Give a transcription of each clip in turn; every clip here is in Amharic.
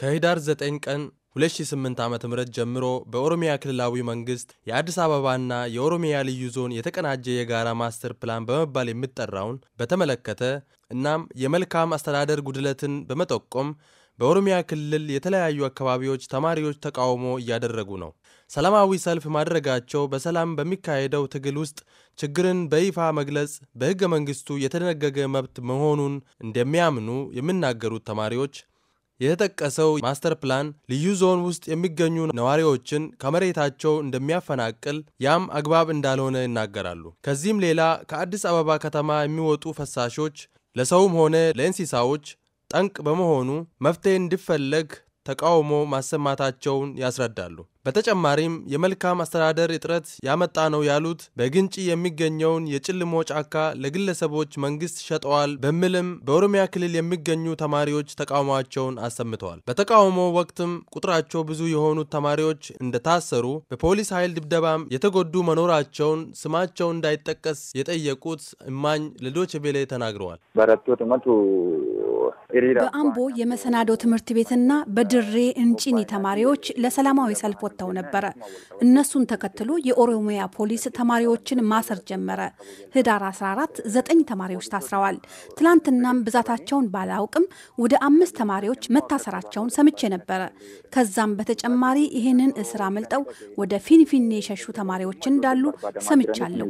ከህዳር 9 ቀን 2008 ዓ ም ጀምሮ በኦሮሚያ ክልላዊ መንግስት የአዲስ አበባና የኦሮሚያ ልዩ ዞን የተቀናጀ የጋራ ማስተር ፕላን በመባል የሚጠራውን በተመለከተ እናም የመልካም አስተዳደር ጉድለትን በመጠቆም በኦሮሚያ ክልል የተለያዩ አካባቢዎች ተማሪዎች ተቃውሞ እያደረጉ ነው። ሰላማዊ ሰልፍ ማድረጋቸው በሰላም በሚካሄደው ትግል ውስጥ ችግርን በይፋ መግለጽ በሕገ መንግስቱ የተደነገገ መብት መሆኑን እንደሚያምኑ የሚናገሩት ተማሪዎች የተጠቀሰው ማስተር ፕላን ልዩ ዞን ውስጥ የሚገኙ ነዋሪዎችን ከመሬታቸው እንደሚያፈናቅል ያም አግባብ እንዳልሆነ ይናገራሉ። ከዚህም ሌላ ከአዲስ አበባ ከተማ የሚወጡ ፈሳሾች ለሰውም ሆነ ለእንስሳዎች ጠንቅ በመሆኑ መፍትሄ እንዲፈለግ ተቃውሞ ማሰማታቸውን ያስረዳሉ። በተጨማሪም የመልካም አስተዳደር እጥረት ያመጣ ነው ያሉት በግንጭ የሚገኘውን የጭልሞ ጫካ ለግለሰቦች መንግስት ሸጠዋል በሚልም በኦሮሚያ ክልል የሚገኙ ተማሪዎች ተቃውሟቸውን አሰምተዋል። በተቃውሞ ወቅትም ቁጥራቸው ብዙ የሆኑት ተማሪዎች እንደታሰሩ፣ በፖሊስ ኃይል ድብደባም የተጎዱ መኖራቸውን ስማቸው እንዳይጠቀስ የጠየቁት እማኝ ለዶችቬሌ ተናግረዋል። በአምቦ የመሰናዶ ትምህርት ቤትና በድሬ እንጪኒ ተማሪዎች ለሰላማዊ ሰልፍ ወጥተው ነበረ። እነሱን ተከትሎ የኦሮሚያ ፖሊስ ተማሪዎችን ማሰር ጀመረ። ህዳር 14 ዘጠኝ ተማሪዎች ታስረዋል። ትላንትናም ብዛታቸውን ባላውቅም ወደ አምስት ተማሪዎች መታሰራቸውን ሰምቼ ነበረ። ከዛም በተጨማሪ ይህንን እስር አመልጠው ወደ ፊንፊኔ የሸሹ ተማሪዎች እንዳሉ ሰምቻለሁ።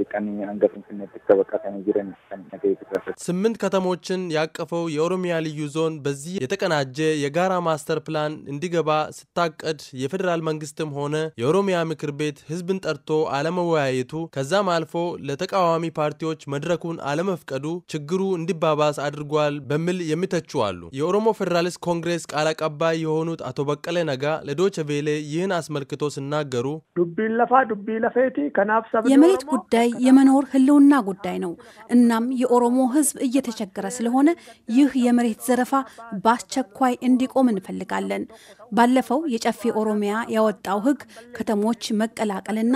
ስምንት ከተሞችን ያቀፈው የኦሮሚያ የኦሮሚያ ልዩ ዞን በዚህ የተቀናጀ የጋራ ማስተር ፕላን እንዲገባ ስታቀድ የፌዴራል መንግስትም ሆነ የኦሮሚያ ምክር ቤት ህዝብን ጠርቶ አለመወያየቱ ከዛም አልፎ ለተቃዋሚ ፓርቲዎች መድረኩን አለመፍቀዱ ችግሩ እንዲባባስ አድርጓል በሚል የሚተቹ አሉ። የኦሮሞ ፌዴራሊስት ኮንግሬስ ቃል አቀባይ የሆኑት አቶ በቀለ ነጋ ለዶች ቬለ ይህን አስመልክቶ ሲናገሩ የመሬት ጉዳይ የመኖር ህልውና ጉዳይ ነው። እናም የኦሮሞ ህዝብ እየተቸገረ ስለሆነ ይህ የመሬት ዘረፋ በአስቸኳይ እንዲቆም እንፈልጋለን። ባለፈው የጨፌ ኦሮሚያ ያወጣው ሕግ ከተሞች መቀላቀልና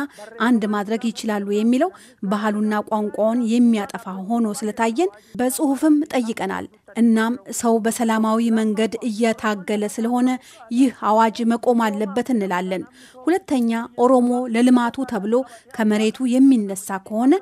አንድ ማድረግ ይችላሉ የሚለው ባህሉና ቋንቋውን የሚያጠፋ ሆኖ ስለታየን በጽሁፍም ጠይቀናል። እናም ሰው በሰላማዊ መንገድ እየታገለ ስለሆነ ይህ አዋጅ መቆም አለበት እንላለን። ሁለተኛ ኦሮሞ ለልማቱ ተብሎ ከመሬቱ የሚነሳ ከሆነ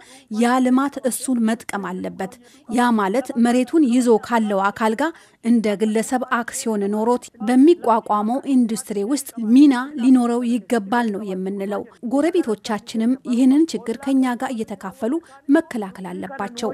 ያ ልማት እሱን መጥቀም አለበት። ያ ማለት መሬቱን ይዞ ካለው አካል ጋር እንደ ግለሰብ አክሲዮን ኖሮት በሚቋቋመው ኢንዱስትሪ ውስጥ ሚና ሊኖረው ይገባል ነው የምንለው። ጎረቤቶቻችንም ይህንን ችግር ከኛ ጋር እየተካፈሉ መከላከል አለባቸው።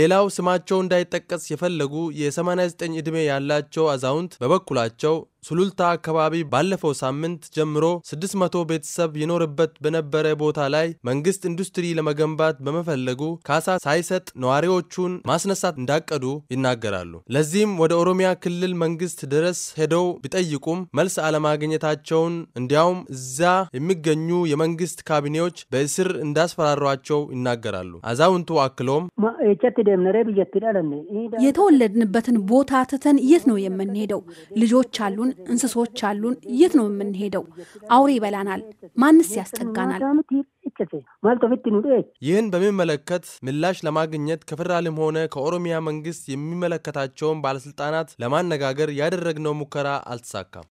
ሌላው ስማቸው እንዳይጠቀስ የፈለጉ የ89 ዕድሜ ያላቸው አዛውንት በበኩላቸው ሱሉልታ አካባቢ ባለፈው ሳምንት ጀምሮ 600 ቤተሰብ ይኖርበት በነበረ ቦታ ላይ መንግስት ኢንዱስትሪ ለመገንባት በመፈለጉ ካሳ ሳይሰጥ ነዋሪዎቹን ማስነሳት እንዳቀዱ ይናገራሉ። ለዚህም ወደ ኦሮሚያ ክልል መንግስት ድረስ ሄደው ቢጠይቁም መልስ አለማግኘታቸውን እንዲያውም እዛ የሚገኙ የመንግስት ካቢኔዎች በእስር እንዳስፈራሯቸው ይናገራሉ። አዛውንቱ አክሎም የተወለድንበትን ቦታ ትተን የት ነው የምንሄደው? ልጆች አሉን ያሉን እንስሶች አሉን። የት ነው የምንሄደው? አውሬ ይበላናል። ማንስ ያስጠጋናል? ይህን በሚመለከት ምላሽ ለማግኘት ከፌደራልም ሆነ ከኦሮሚያ መንግስት የሚመለከታቸውን ባለስልጣናት ለማነጋገር ያደረግነው ሙከራ አልተሳካም።